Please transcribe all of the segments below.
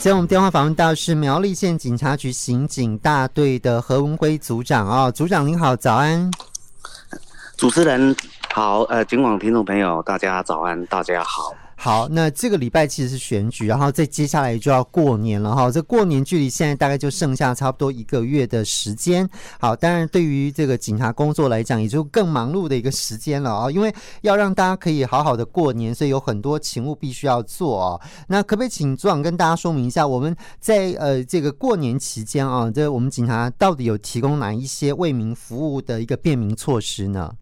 接我們電話訪問到是苗栗縣警察局刑警大隊的何文輝組長啊、哦，組長您好，早安，主持人好，呃，警廣聽眾朋友，大家早安，大家好。好，那這個禮拜其實是選舉，然後再接下來就要過年了哈、哦。這過年距離現在大概就剩下差不多一個月的時間。好，當然對於這個警察工作來講，也就更忙碌的一個時間了啊、哦，因為要讓大家可以好好的過年，所以有很多勤務必須要做啊、哦。那可不可以請組長跟大家說明一下，我們在呃這個過年期間啊、哦，這我們警察到底有提供哪一些為民服務的一個便民措施呢？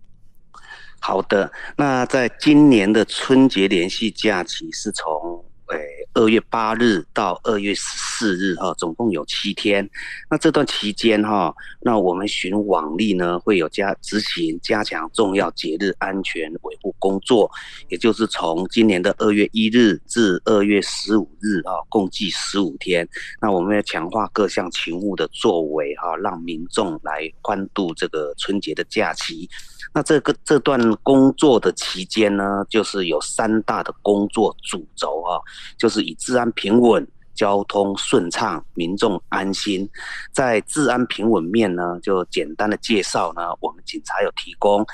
好的，那在今年的春節連續假期是從。誒，二、欸、月八日到二月十四日哈、啊，總共有七天。那這段期間哈、啊，那我們循往例呢會有加執行加強重要節日安全維護工作，也就是從今年的二月一日至二月十五日哈、啊，共計十五天。那我們要強化各項勤務的作為哈、啊，讓民眾來歡度這個春節的假期。那這個這段工作的期間呢，就是有三大的工作主軸哈、啊。就是以治安平穩、交通順暢、民眾安心。在治安平穩面呢，就簡單的介紹呢，我們警察有提供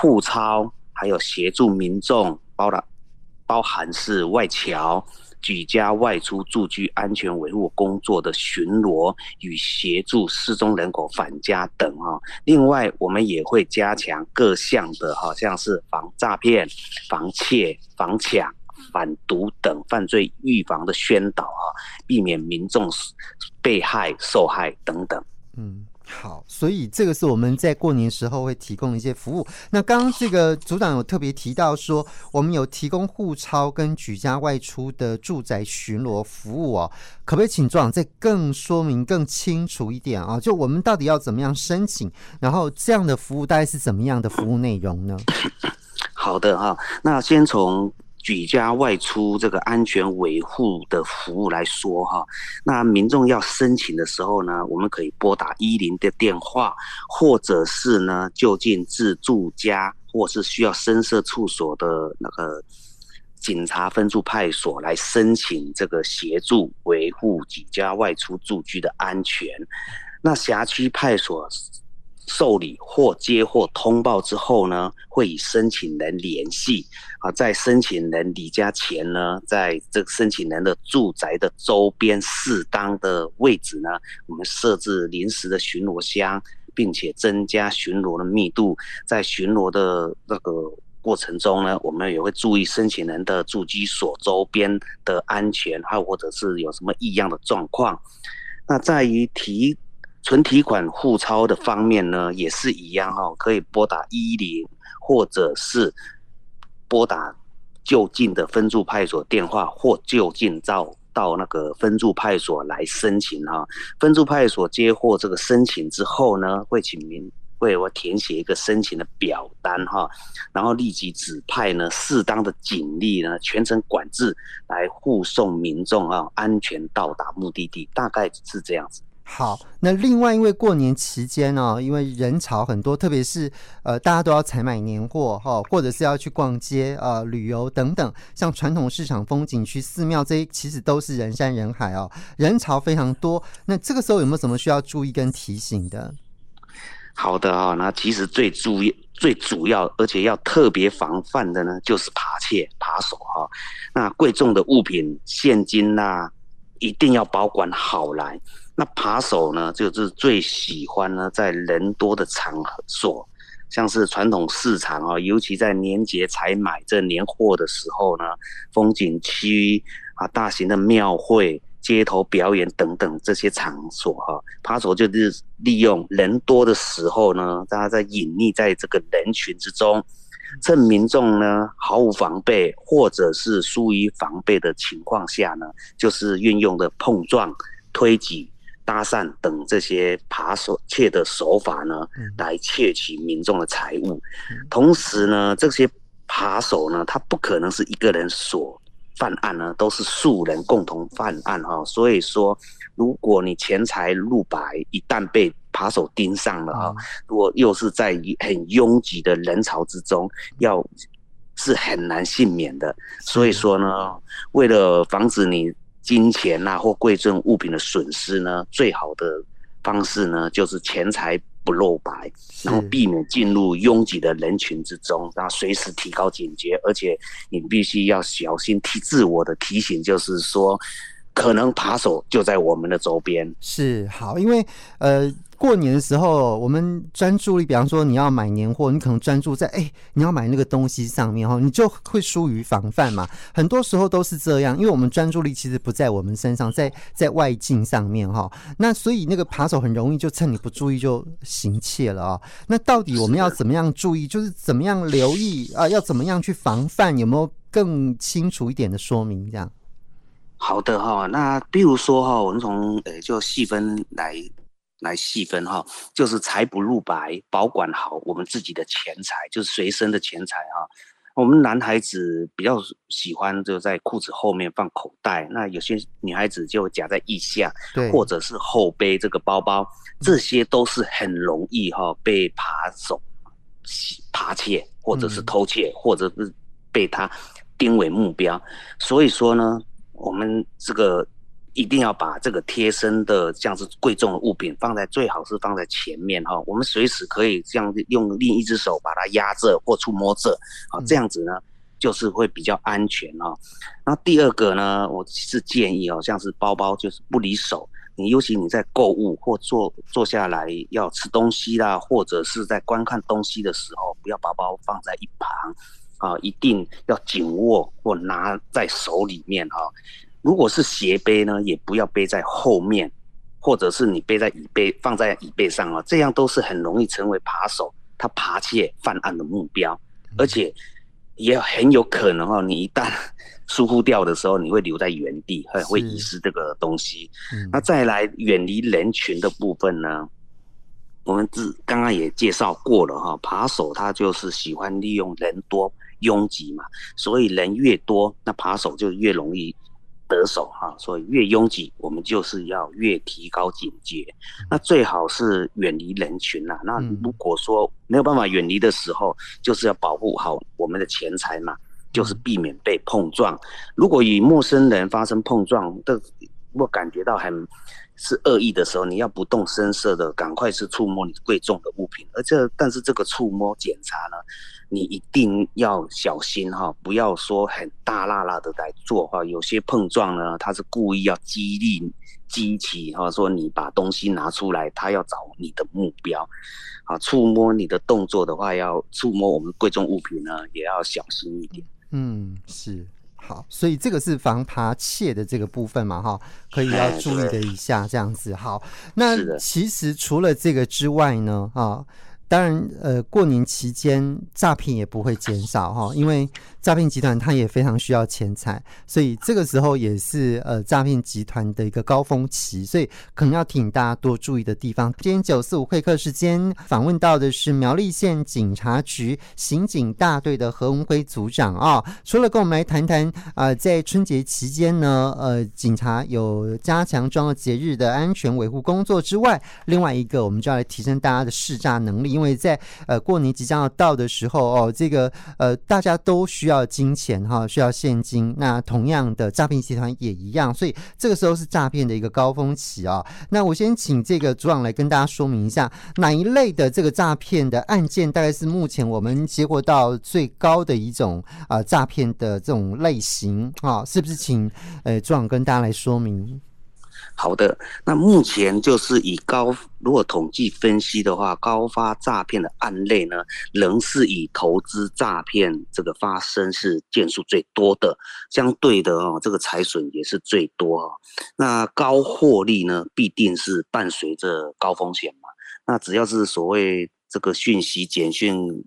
護鈔，還有協助民眾，包了包含是外僑舉家外出住居安全維護工作的巡邏與協助失蹤人口返家等啊。另外，我們也會加強各項的好、啊、像是防詐騙、防竊、防搶。反毒等犯罪預防的宣導啊，避免民眾被害受害等等。嗯，好，所以這個是我們在過年時候會提供的一些服務。那剛剛這個組長有特別提到說，我們有提供護巢跟舉家外出的住宅巡邏服務哦、啊。可不可以請組長再更說明、更清楚一點啊？就我們到底要怎麼樣申請，然後這樣的服務大概是怎麼樣的服務內容呢？好的哈、啊，那先從。舉家外出這個安全維護的服務來說哈，那民眾要申請的時候呢，我們可以撥打一零的電話，或者是呢就近自住家，或是需要深色處所的那個警察分駐派所來申請這個協助維護舉家外出住居的安全，那轄區派所，受理或接獲通報之後呢，會與申請人聯繫啊，在申請人離家前呢，在這個申請人的住宅的周邊適當的位置呢，我們設置臨時的巡邏箱，並且增加巡邏的密度。在巡邏的那個過程中呢，我們也會注意申請人的住居所周邊的安全，還有或者是有什麼異樣的狀況。那在於提。存提款護鈔的方面呢，也是一樣哈、哦，可以撥打110，或者是撥打就近的分駐派出所電話，或就近到到那個分駐派出所來申請哈、啊。分駐派出所接獲這個申請之後呢，會請民為我填寫一個申請的表單哈、啊，然後立即指派呢適當的警力呢全程管制來護送民眾啊安全到達目的地，大概是這樣子。好，那另外因為過年期間呢、哦，因為人潮很多，特別是呃，大家都要採買年貨哈，或者是要去逛街啊、呃、旅遊等等，像傳統市場、風景區、寺廟這些，其實都是人山人海哦，人潮非常多。那這個時候有沒有什麼需要注意跟提醒的？好的啊、哦，那其實最注意、最主要，而且要特別防範的呢，就是扒竊、扒手哈、哦。那貴重的物品、現金吶、啊。一定要保管好來。那扒手呢，就是最喜歡呢，在人多的場所，像是傳統市場啊、哦，尤其在年節採買這年貨的時候呢，風景區啊，大型的廟會、街頭表演等等這些場所哈、哦，扒手就是利用人多的時候呢，大家在隱匿在這個人群之中。趁民眾呢，毫無防備，或者是疏於防備的情況下呢，就是運用的碰撞、推擠、搭訕等這些扒手竊的手法呢，來竊取民眾的財物。同時呢，這些扒手呢，他不可能是一個人所犯案呢，都是數人共同犯案哈、哦。所以說。如果你錢財露白，一旦被扒手盯上了啊，嗯、如果又是在很擁擠的人潮之中，要是很難幸免的。嗯、所以說呢，嗯、為了防止你金錢啊或貴重物品的損失呢，最好的方式呢就是錢財不露白，然後避免進入擁擠的人群之中，是然後隨時提高警覺，而且你必須要小心提自我的提醒，就是說。可能扒手就在我們的周邊，是好，因為呃，過年的時候，我們專注力，比方說你要買年貨，你可能專注在哎、欸、你要買那個東西上面哈，你就會疏於防範嘛。很多時候都是這樣，因為我們專注力其實不在我們身上，在在外境上面哈。那所以那個扒手很容易就趁你不注意就行竊了啊、哦。那到底我們要怎麼樣注意，是的。就是怎麼樣留意啊？要怎麼樣去防範？有沒有更清楚一點的說明？這樣？好的哈、哦，那比如說哈、哦，我們從呃，就細分來來細分哈、哦，就是財不露白，保管好我們自己的錢財，就是隨身的錢財哈、哦。我們男孩子比較喜歡就在褲子後面放口袋，那有些女孩子就夾在腋下，對或者是後背這個包包，這些都是很容易哈、哦、被扒走、扒竊，或者是偷竊，嗯、或者是被他定為目標。所以說呢。我們這個一定要把這個貼身的，像是貴重的物品放在，最好是放在前面哈、哦。我們隨時可以這樣用另一隻手把它壓着或觸摸着，好，這樣子呢就是會比較安全哈、哦。那第二個呢，我是建議哦，像是包包就是不離手，你尤其你在購物或坐坐下來要吃東西啦、啊，或者是在觀看東西的時候，不要把包包放在一旁。啊，一定要緊握或拿在手裡面啊！如果是斜背呢，也不要背在後面，或者是你背在椅背，放在椅背上啊，這樣都是很容易成為扒手他扒竊犯案的目標，嗯、而且也很有可能哈、啊，你一旦疏忽掉的時候，你會留在原地，是會遺失這個東西。嗯、那再來遠離人群的部分呢，我們只剛剛也介紹過了哈，扒、啊、手他就是喜歡利用人多。擁擠嘛，所以人越多，那扒手就越容易得手哈、啊。所以越擁擠，我們就是要越提高警覺。那最好是遠離人群啦、啊。那如果說沒有辦法遠離的時候，嗯、就是要保護好我們的錢財嘛，就是避免被碰撞。如果與陌生人發生碰撞的，我感覺到很是惡意的時候，你要不動聲色的趕快去觸摸你貴重的物品。而這但是這個觸摸檢查呢，你一定要小心哈，不要說很大剌剌的在做哈。有些碰撞呢，他是故意要激勵激起哈，說你把東西拿出來，他要找你的目標，啊，觸摸你的動作的話，要觸摸我們貴重物品呢，也要小心一點。嗯，是，好，所以這個是防扒竊的這個部分嘛哈，可以要注意的一下，這樣子。是的，是的。好。那其實除了這個之外呢，哈。當然，呃，過年期間詐騙也不會減少哈。哦，因為詐騙集團它也非常需要錢財，所以這個時候也是呃詐騙集團的一個高峰期，所以可能要提醒大家多注意的地方。今天九四五會客時間訪問到的是苗栗縣警察局刑警大隊的何文輝組長啊，除、哦、了跟我們來談談啊、呃，在春節期間呢，呃，警察有加強重要節日的安全維護工作之外，另外一個我們就要來提升大家的識詐能力。因為在呃過年即將要到的時候哦，這個呃大家都需要金錢哈，需要現金。那同樣的詐騙集團也一樣，所以這個時候是詐騙的一個高峰期啊。那我先請這個組長來跟大家說明一下，哪一類的這個詐騙的案件大概是目前我們接獲到最高的一種啊詐騙的這種類型啊，是不是？請呃組長跟大家來說明。好的，那目前就是以高，如果統計分析的話，高發詐騙的案例呢，仍是以投資詐騙這個發生是件數最多的，相對的哦，這個財損也是最多哈、哦。那高獲利呢，必定是伴隨着高風險嘛。那只要是所謂這個訊息簡訊，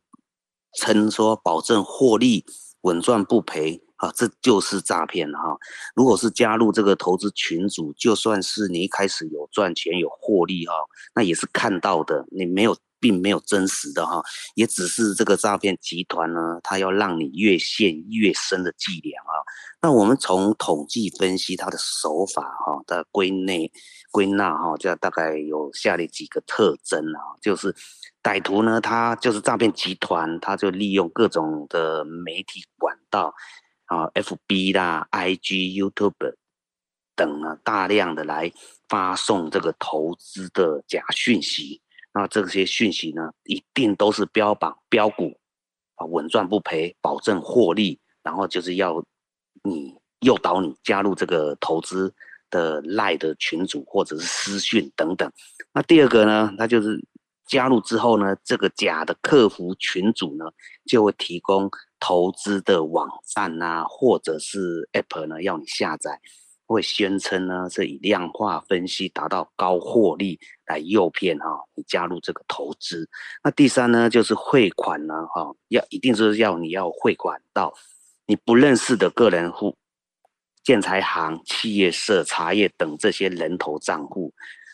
稱說保證獲利穩賺不賠。啊，這就是詐騙哈、啊！如果是加入這個投資群組，就算是你一開始有賺錢有獲利哈、啊，那也是看到的，你沒有，並沒有真實的哈、啊，也只是這個詐騙集團呢，他要讓你越陷越深的伎倆啊。那我們從統計分析它的手法哈、啊，它的歸納歸納哈、啊，就大概有下列幾個特徵啊，就是歹徒呢，他就是詐騙集團，他就利用各種的媒體管道。啊，F B 啦，I G、IG, YouTube 等啊，大量的來發送這個投資的假訊息。那這些訊息呢，一定都是標榜飆股啊，穩賺不賠，保證獲利，然後就是要你誘導你加入這個投資的賴的群組或者是私訊等等。那第二個呢，他就是。加入之後呢，這個假的客服群組呢，就會提供投資的網站啊，或者是 app 呢，要你下載，會宣稱呢是以量化分析達到高獲利來誘騙哈，你加入這個投資。那第三呢，就是匯款呢，哈，要一定就是要你要匯款到你不認識的個人戶、建材行、企業社、茶葉等這些人頭賬戶。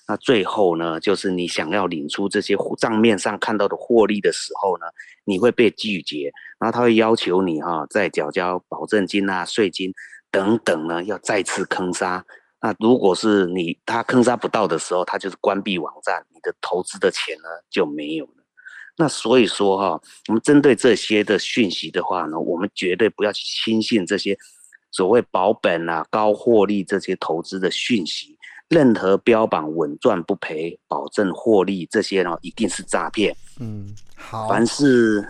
那最後呢，就是你想要領出這些賬面上看到的獲利的時候呢，你會被拒絕。然後他會要求你哈，再繳交保證金啊、稅金等等呢，要再次坑殺。那如果是你他坑殺不到的時候，他就是關閉網站，你的投資的錢呢就沒有了。那所以說哈，我們針對這些的訊息的話呢，我們絕對不要去輕信這些所謂保本啊、高獲利這些投資的訊息。任何標榜穩賺不賠、保證獲利這些呢，哦，一定是詐騙。嗯，好，凡是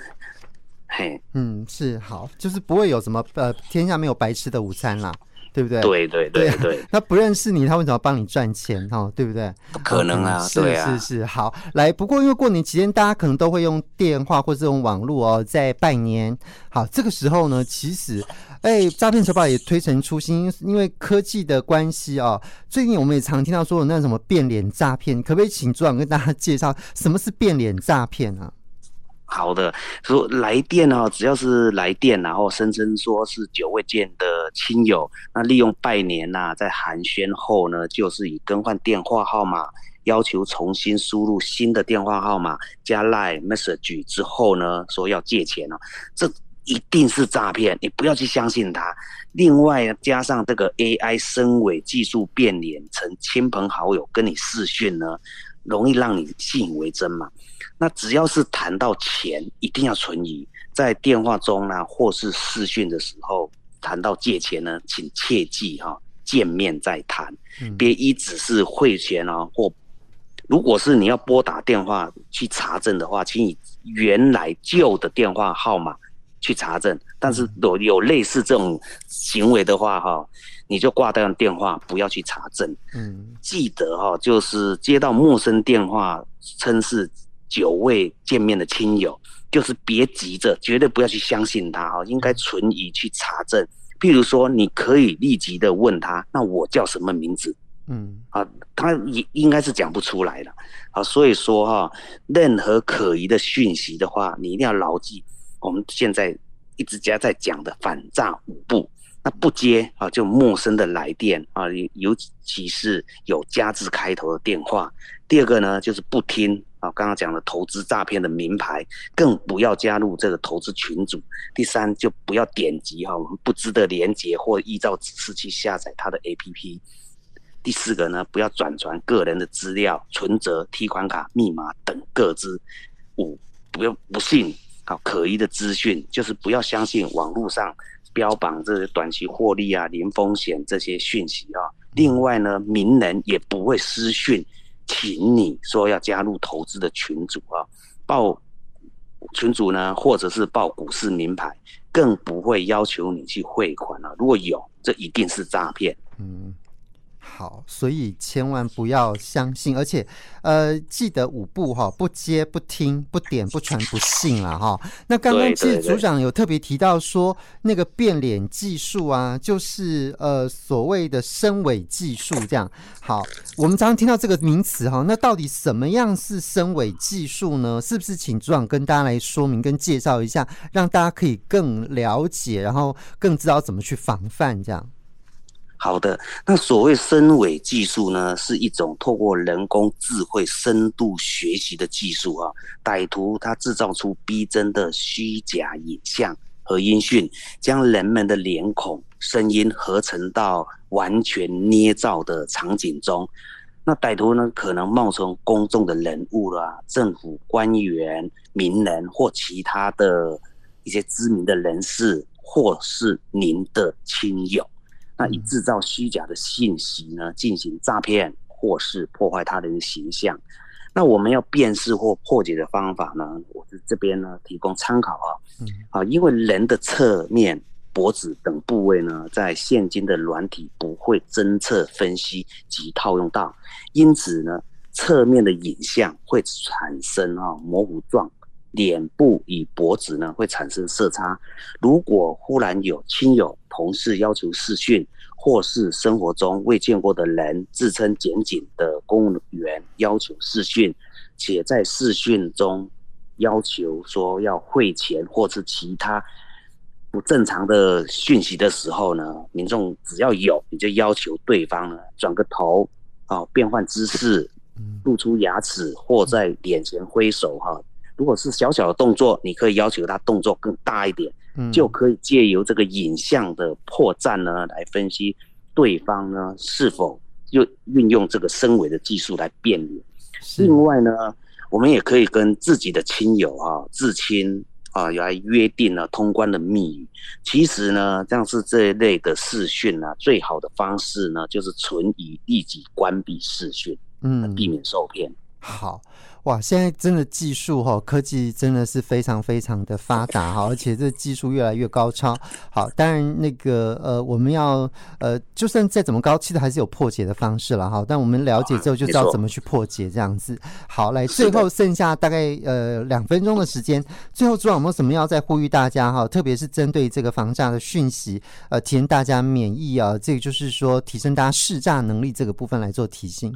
嘿，嗯，是好，就是不會有什麼呃，天下沒有白吃的午餐啦。對不對？對對對對，對、啊，他不認識你，他為什麼要幫你賺錢？哈、哦，對不對？不可能啊！嗯、是對啊是是，好來，不過因為過年期間，大家可能都會用電話或者用網絡哦，在拜年。好，這個時候呢，其實，哎，詐騙手法也推陳出新，因為科技的關係哦。最近我們也常聽到說，那什麼變臉詐騙，可不可以請組長跟大家介紹什麼是變臉詐騙啊？好的，說來電哈、哦，只要是來電，然後聲稱說是久未見的親友，那利用拜年吶、啊，在寒暄後呢，就是以更換電話號碼，要求重新輸入新的電話號碼加 Line Message 之後呢，說要借錢了、哦，這一定是詐騙，你不要去相信他。另外加上這個 AI 深偽技術變臉成親朋好友跟你視訊呢。容易讓你信以為真嘛？那只要是談到錢，一定要存疑。在電話中呢、啊，或是視訊的時候談到借錢呢，請切記哈、哦，見面再談，別、嗯、一直是匯錢啊，或如果是你要撥打電話去查證的話，請以原來舊的電話號碼去查證，但是有有類似這種行為的話，哈、嗯，你就掛掉電話，不要去查證。嗯，記得哈，就是接到陌生電話，稱是久未見面的親友，就是別急着，絕對不要去相信他，哈，應該存疑去查證。嗯、譬如說，你可以立即的問他，那我叫什麼名字？嗯，啊，他應應該是講不出來的，啊，所以說哈，任何可疑的訊息的話，你一定要牢記。我們現在一直加在講的反詐五不，那不接啊，就陌生的來電啊，尤其是有“加”字開頭的電話。第二個呢，就是不聽啊，剛剛講的投資詐騙的明牌，更不要加入這個投資群組。第三，就不要點擊哈、啊，我們不知的鏈接或依照指示去下載他的 APP。第四個呢，不要轉傳個人的資料、存折、提款卡、密碼等個資。五，不要不信。好，可疑的資訊就是不要相信網絡上標榜這些短期獲利啊、零風險這些訊息啊。另外呢，名人也不會私訊，請你說要加入投資的群組啊，報群組呢，或者是報股市名牌，更不會要求你去匯款啊。如果有，這一定是詐騙。嗯。好，所以千萬不要相信，而且，呃，記得五步哈：不接、不聽、不點、不傳、不信了哈。那剛剛其實組長有特別提到說，那個變臉技術啊，就是呃所謂的深偽技術這樣。好，我們常常聽到這個名詞哈，那到底什麼樣是深偽技術呢？是不是請組長跟大家來說明跟介紹一下，讓大家可以更了解，然後更知道怎麼去防範這樣？好的，那所謂深偽技術呢，是一種透過人工智慧深度學習的技術啊。歹徒他製造出逼真的虛假影像和音訊，將人們的臉孔、聲音合成到完全捏造的場景中。那歹徒呢，可能冒充公眾的人物啦、啊、政府官員、名人或其他的一些知名的人士，或是您的親友。那以製造虛假的信息呢，進行詐騙或是破壞他人的形象，那我們要辨識或破解的方法呢，我是這邊呢提供參考啊、哦，啊、嗯，因為人的側面、脖子等部位呢，在現今的軟體不會偵測分析及套用到，因此呢，側面的影像會產生啊、哦、模糊狀。臉部與脖子呢會產生色差。如果忽然有親友、同事要求視訊，或是生活中未見過的人自稱檢警的公務員要求視訊，且在視訊中要求說要匯錢或是其他不正常的訊息的時候呢，民眾只要有，你就要求對方呢轉個頭啊，變換姿勢，露出牙齒或在臉前揮手哈。啊如果是小小的動作，你可以要求他動作更大一點，嗯、就可以借由這個影像的破綻呢，來分析對方呢是否又運用這個深偽的技術來變臉。是另外呢，我們也可以跟自己的親友啊、至親啊來約定了、啊、通關的密語。其實呢，像是這一類的視訊啊，最好的方式呢就是存疑，立即關閉視訊、啊，避免受騙。嗯好哇，現在真的技術哈、哦，科技真的是非常非常的發達哈，而且這技術越來越高超。好，當然那個呃，我們要呃，就算再怎麼高，其實還是有破解的方式了哈。但我們了解之後就知道怎麼去破解這樣子。好，來最後剩下大概呃兩分鐘的時間，的最後主管我們什麼要再呼籲大家哈？特別是針對這個防詐的訊息，呃，提升大家免疫啊，這個就是說提升大家識詐能力這個部分來做提醒。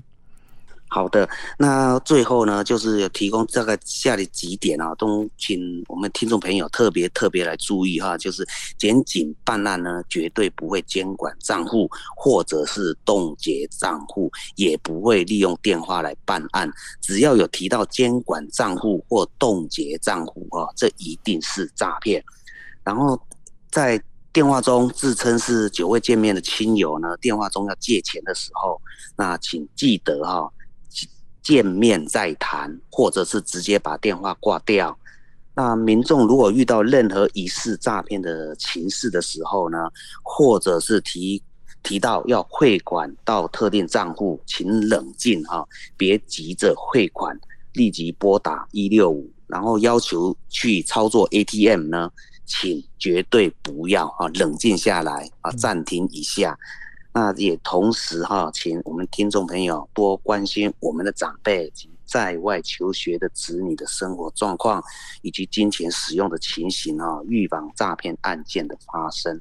好的，那最後呢，就是有提供這個下列幾點啊，都請我們聽眾朋友特別特別來注意哈、啊，就是檢警辦案呢，絕對不會監管賬戶或者是凍結賬戶，也不會利用電話來辦案。只要有提到監管賬戶或凍結賬戶啊，這一定是詐騙。然後在電話中自稱是久未見面的親友呢，電話中要借錢的時候，那請記得哈、啊。見面再談，或者是直接把電話掛掉。那民眾如果遇到任何疑似詐騙的情勢的時候呢，或者是提提到要匯款到特定賬戶，請冷靜哈、啊，別急着匯款，立即撥打一六五，然後要求去操作 ATM 呢，請絕對不要哈、啊，冷靜下來啊，暫停一下。那也同時哈，請我們聽眾朋友多關心我們的長輩及在外求學的子女的生活狀況，以及金錢使用的情形啊，預防詐騙案件的發生。